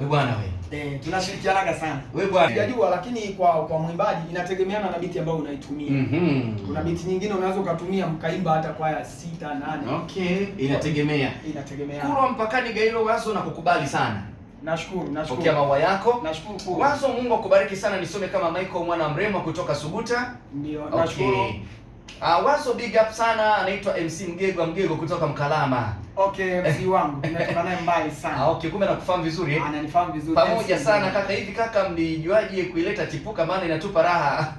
We bwana wewe. Eh, tunashirikianaga sana. We bwana. Sijajua lakini kwa kwa mwimbaji inategemeana na biti ambayo unaitumia. Mhm. Mm Kuna biti nyingine unaweza ukatumia mkaimba hata kwaya 6 nane. Okay, inategemea. Inategemea. Kuro mpakani Gairo wazo na kukubali sana. Nashukuru, nashukuru. Pokea maua yako. Nashukuru. Wazo Mungu akubariki sana nisome kama Michael mwana mrema kutoka Suguta. Ndio, okay. Uh, ah, wazo big up sana anaitwa MC Mgego Mgego kutoka Mkalama. Okay, MC eh. wangu tunatoka naye mbali sana. Ah, Okay, kumbe nakufahamu vizuri Ah, Ananifahamu vizuri. Pamoja MC sana kaka, hivi kaka mlijuaje kuileta chipuka maana inatupa raha.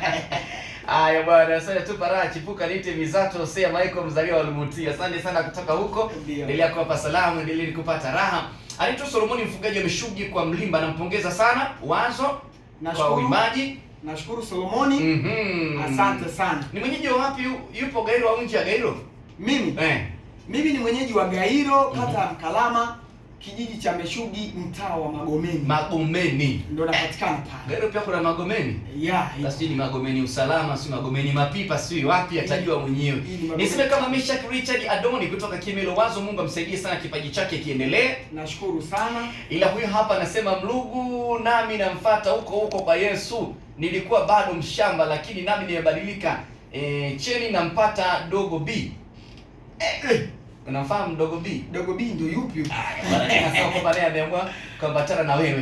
Haya bwana, sasa inatupa raha chipuka niite Mizato Sea Michael mzaliwa wa Lumutia. Asante sana kutoka huko. Endelea kuwapa salamu, endelea nikupata raha. Anaitwa Solomoni mfugaji wa Mishugi kwa Mlimba, nampongeza sana wazo. Nashukuru. Kwa uimaji Nashukuru Solomoni. mm -hmm. Asante sana. Ni mwenyeji wa wapi? Yupo Gairo au nje ya Gairo? Mimi eh. Mimi ni mwenyeji wa Gairo, mhm. kata ya mm -hmm. Mkalama, kijiji cha Meshugi, mtaa wa Magomeni. Magomeni ndio napatikana pale. Gairo pia kuna Magomeni yeah. Basi ni Magomeni usalama, si Magomeni mapipa, si wapi, atajua mwenyewe. Niseme kama Meshak Richard Adoni kutoka Kimelo Wazo, Mungu amsaidie sana, kipaji chake kiendelee. Nashukuru sana, ila huyu hapa anasema Mlugu nami namfuata huko huko kwa Yesu nilikuwa bado mshamba, lakini nami nimebadilika. E, cheni nampata dogo B. E, unamfahamu dogo B? Dogo B ndio yupi? Ah, ameamua kuambatana na wewe.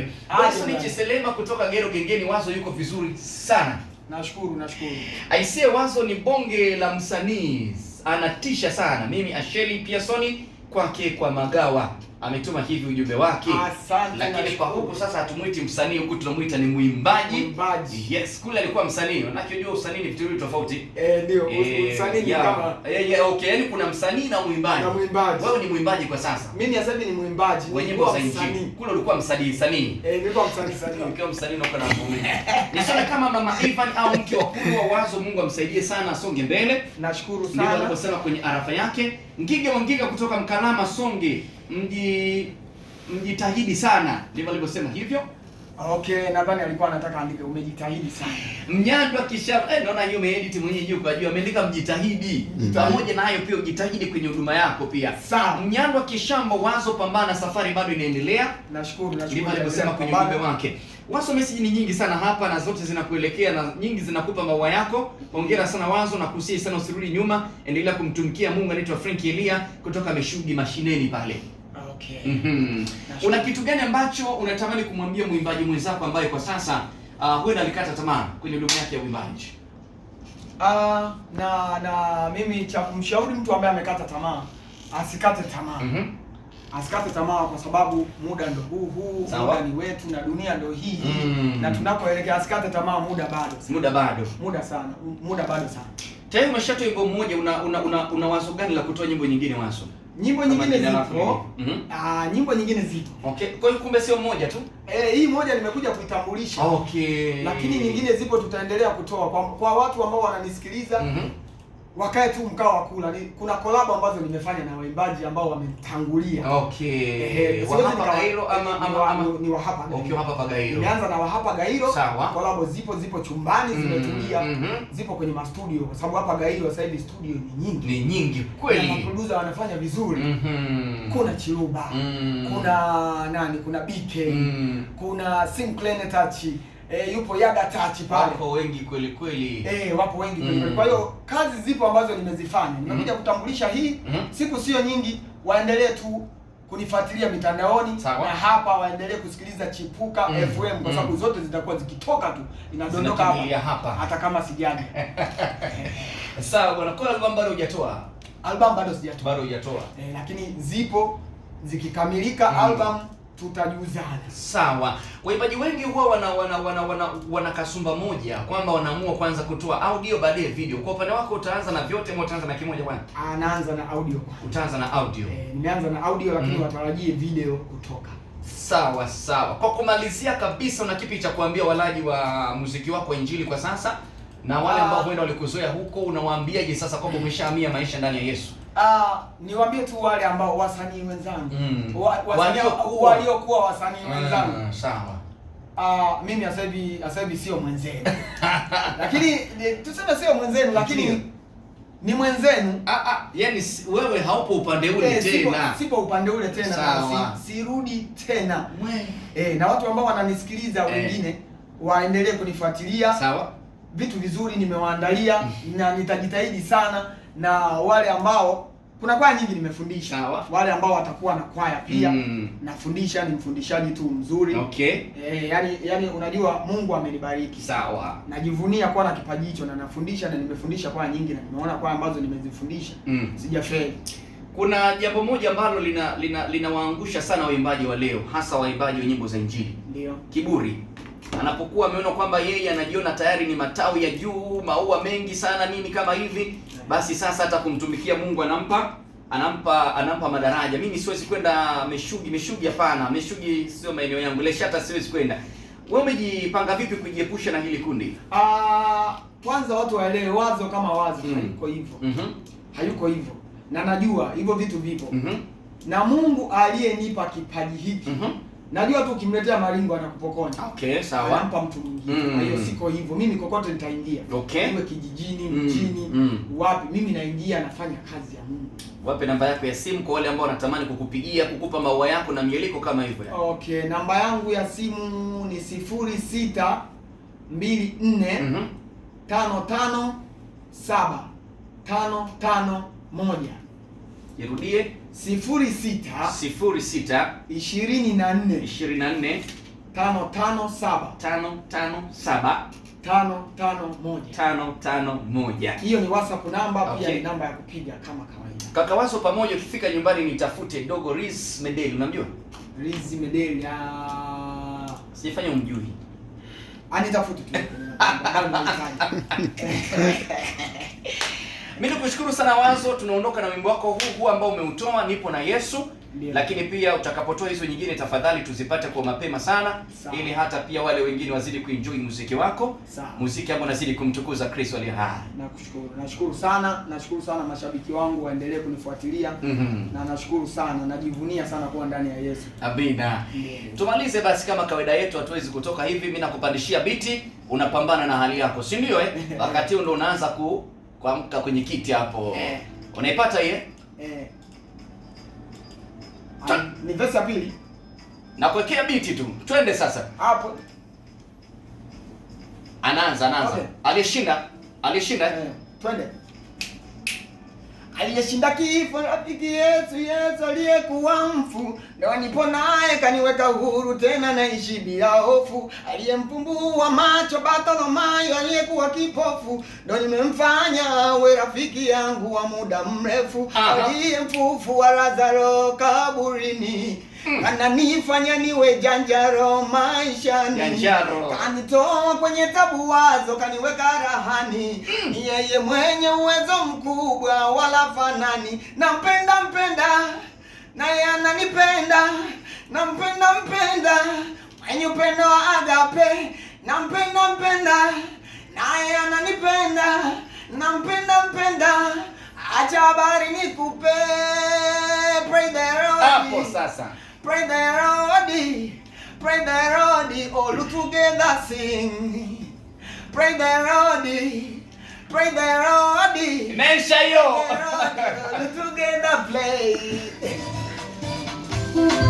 ni ah, Chiselema kutoka Gero Gengeni, wazo yuko vizuri sana. Nashukuru, nashukuru. Aisee, wazo ni bonge la msanii, anatisha sana. Mimi Asheli Piasoni kwake kwa magawa ametuma hivi ujumbe wake, lakini kwa huku sasa hatumwiti msanii, huku tunamwita ni mwimbaji. Mwimbaji, yes. Kule alikuwa msanii, manake unajua usanii ni vitu viwili tofauti eh, ndio eh, usanii ni kama eh, yeah, okay, yani kuna msanii na mwimbaji. Na mwimbaji wewe ni mwimbaji kwa sasa, mimi sasa hivi ni mwimbaji, Wewe ni msanii. Kule ulikuwa msanii sanii, eh, nilikuwa msanii sanii, ukiwa msanii na kuna ngumi nisema kama Mama Ivan au mke wa Kulu wa Wazo, Mungu amsaidie sana, asonge mbele. Nashukuru sana, ndio alikosema kwenye arafa yake Ngige wa Ngiga kutoka Mkalama Songe mji mjitahidi sana, ndivyo alivyosema hivyo. Okay, nadhani alikuwa anataka andike umejitahidi sana. Mnyandu akisha eh, naona hiyo umeedit mwenyewe juu kwa juu ameandika mjitahidi. Mm. Pamoja na hayo pia ujitahidi kwenye huduma yako pia. Sawa. Mnyandu kishambo wazo pambana safari bado inaendelea. Nashukuru, nashukuru. Ndivyo alivyosema kwenye ujumbe wake. Wazo message ni nyingi sana hapa na zote zinakuelekea na nyingi zinakupa maua yako. Hongera sana Wazo na kusii sana usirudi nyuma, endelea kumtumikia Mungu. Anaitwa Frank Elia kutoka Meshugi Mashineni pale. Okay. Mm -hmm. Una kitu gani ambacho unatamani kumwambia mwimbaji mwenzako ambaye kwa sasa uh, huenda alikata tamaa kwenye elimu yake ya uimbaji? Uh, na na mimi cha kumshauri mtu ambaye amekata tamaa asikate tamaa. Mm -hmm. Asikate tamaa kwa sababu muda ndo huu huu, muda ni wetu na dunia ndo hii mm -hmm. na tunakoelekea, asikate tamaa, muda bado. Muda bado. Muda sana. Muda bado sana. Tayari umeshatoa wimbo mmoja, una una, una, una wazo gani la kutoa nyimbo nyingine wazo? nyimbo nyingine zipo. Mm -hmm. Ah, nyimbo nyingine zipo. Okay. Kwa hiyo kumbe sio moja tu. Eh, hii moja nimekuja kuitambulisha. Okay. Lakini nyingine zipo tutaendelea kutoa kwa, kwa watu ambao wananisikiliza. Mm -hmm wakae tu mkao wa kula. Ni kuna collab ambazo nimefanya na waimbaji ambao wamenitangulia. Okay. Ehe, wa hapa Gairo eh, ama ama ama ni wa hapa. Okay, hapa pa Gairo. Nimeanza na wa hapa Gairo. Sawa. Collab zipo zipo chumbani mm, zimetulia. Mm -hmm. Zipo kwenye ma studio kwa sababu hapa Gairo sasa hivi studio ni nyingi. Ni nyingi kweli. Na producer wanafanya vizuri. Mm Kuna Chiruba. Mm Kuna nani? Kuna BK. Mm -hmm. Kuna Simclean Touch eh, yupo Yaga Tachi pale. Wapo wengi kweli kweli. Eh, wapo wengi kweli kweli. Mm. Kwa hiyo kazi zipo ambazo nimezifanya. Mm. Nimekuja mm. kutambulisha hii mm siku sio nyingi, waendelee tu kunifuatilia mitandaoni Sawa. na hapa waendelee kusikiliza Chipuka mm. FM kwa mm. sababu mm. zote zitakuwa zikitoka tu inadondoka hapa hapa hata kama sijaje Sawa bwana, kwa albamu bado hujatoa. Albamu bado sijatoa. Bado hujatoa. E, lakini zipo zikikamilika mm. albamu tutajuzana sawa. Waimbaji wengi huwa wana wana wana wana, wana kasumba moja kwamba wanaamua kwanza kutoa audio baadaye video. Kwa upande wako utaanza na vyote ama utaanza na kimoja bwana? Anaanza ah, na audio. Utaanza na audio. E, nimeanza na audio lakini mm, watarajie video kutoka. Sawa sawa. Kwa kumalizia kabisa, una kipi cha kuambia walaji wa muziki wako injili kwa sasa na wale ah. ambao huenda walikuzoea huko, unawaambiaje sasa kwamba umeshahamia maisha ndani ya Yesu? niwambie ah, niwaambie tu wale ambao wasanii wenzangu mm. waliokuwa wasanii ah, wenzangu mm, sawa. Ah, mimi sasa hivi sasa hivi sio mwenzenu lakini tuseme sio mwenzenu lakini ni mwenzenu. Ah, ah, yani wewe haupo upande ule eh, tena. Sipo, sipo upande ule tena na si, sirudi tena Eh, na watu ambao wananisikiliza eh. wengine waendelee kunifuatilia sawa. Vitu vizuri nimewaandalia mm. na nitajitahidi sana na wale ambao kuna kwaya nyingi nimefundisha. Sawa. Wale ambao watakuwa na kwaya pia mm. nafundisha, ni mfundishaji tu mzuri. Okay. E, yani, yani unajua Mungu amenibariki. Sawa. Najivunia kuwa na kipaji hicho na nafundisha na nimefundisha kwaya nyingi na nimeona kwaya ambazo nimezifundisha mm. sijafeli. Kuna jambo moja ambalo linawaangusha lina, lina sana waimbaji wa leo hasa waimbaji wa nyimbo za Injili. Ndio. Kiburi anapokuwa ameona kwamba yeye anajiona tayari ni matawi ya juu, maua mengi sana, nini kama hivi, basi sasa hata kumtumikia Mungu anampa anampa anampa madaraja. Mimi siwezi kwenda Meshugi, Meshugi hapana, Meshugi sio maeneo yangu, Leshata siwezi kwenda. Wewe umejipanga vipi kujiepusha na hili kundi? Ah, kwanza watu waelewe wazo kama wazo mm. hayuko hivyo mm -hmm. hayuko hivyo, na najua hivyo vitu vipo mm -hmm. na Mungu aliyenipa kipaji hiki mm -hmm Najua tu ukimletea maringo atakupokonya. Okay, sawa. Anampa mtu mwingine. Mm. Kwa mm, hiyo siko hivyo. Mimi kokote nitaingia. Okay. kijijini, mm. mjini, mm, wapi? Mimi naingia nafanya kazi ya Mungu. Wape namba yako ya simu kwa wale ambao wanatamani kukupigia, kukupa maua yako na mieliko kama hivyo ya. Okay, namba yangu ya simu ni mhm. tano tano saba tano tano moja. Jirudie nne ishirini na nne tano tano saba tano tano saba tano tano moja tano tano moja. Hiyo ni WhatsApp namba, okay. Pia ni namba ya kupiga kama kawaida. Kaka Waso, pamoja ukifika nyumbani nitafute dogo Riz Medeli, unamjua Riz Medeli? Ah, sijafanya umjui, anitafute tu Mimi nikushukuru sana Wazo, tunaondoka na wimbo wako huu huu ambao umeutoa nipo na Yesu Ndiyo. Lakini pia utakapotoa hizo nyingine tafadhali tuzipate kwa mapema sana Sao. Ili hata pia wale wengine wazidi kuenjoy muziki wako Sao. Muziki ambao unazidi kumtukuza Kristo aliye hai. Nakushukuru, nashukuru sana, nashukuru sana mashabiki wangu waendelee kunifuatilia mm -hmm. Na nashukuru sana, najivunia sana kuwa ndani ya Yesu. Amina. Tumalize basi kama kawaida yetu, hatuwezi kutoka hivi, mimi nakupandishia biti, unapambana na hali yako, si ndio eh? Wakati huo ndio unaanza ku kuamka kwenye kiti hapo eh. Unaipata hiyo eh. Ni verse ya pili Nakuwekea biti tu, twende sasa hapo. Anaanza anaanza, okay. Alishinda alishinda eh. Twende aliyeshinda kifo, rafiki Yesu, Yesu aliyekuwa mfu, ndo naye kaniweka uhuru, tena naishi bila hofu. Aliyempumbua macho Bartholomayo, aliyekuwa kipofu, ndio nimemfanya awe rafiki yangu wa muda mrefu. Aliyemfufua Lazaro kaburini ananifanya niwe janjaro maishani, janjaro kanitoa kwenye tabu wazo kaniweka rahani mm. Yeye mwenye uwezo mkubwa wala fanani, nampenda mpenda naye ananipenda, nampenda mpenda mwenye upendo wa agape, nampenda mpenda naye ananipenda, nampenda mpenda acha habari nikupe. Hapo sasa Pray the Lord, pray the Lord, all together sing. Pray the Lord, pray the Lord. Imeisha hiyo. Together play.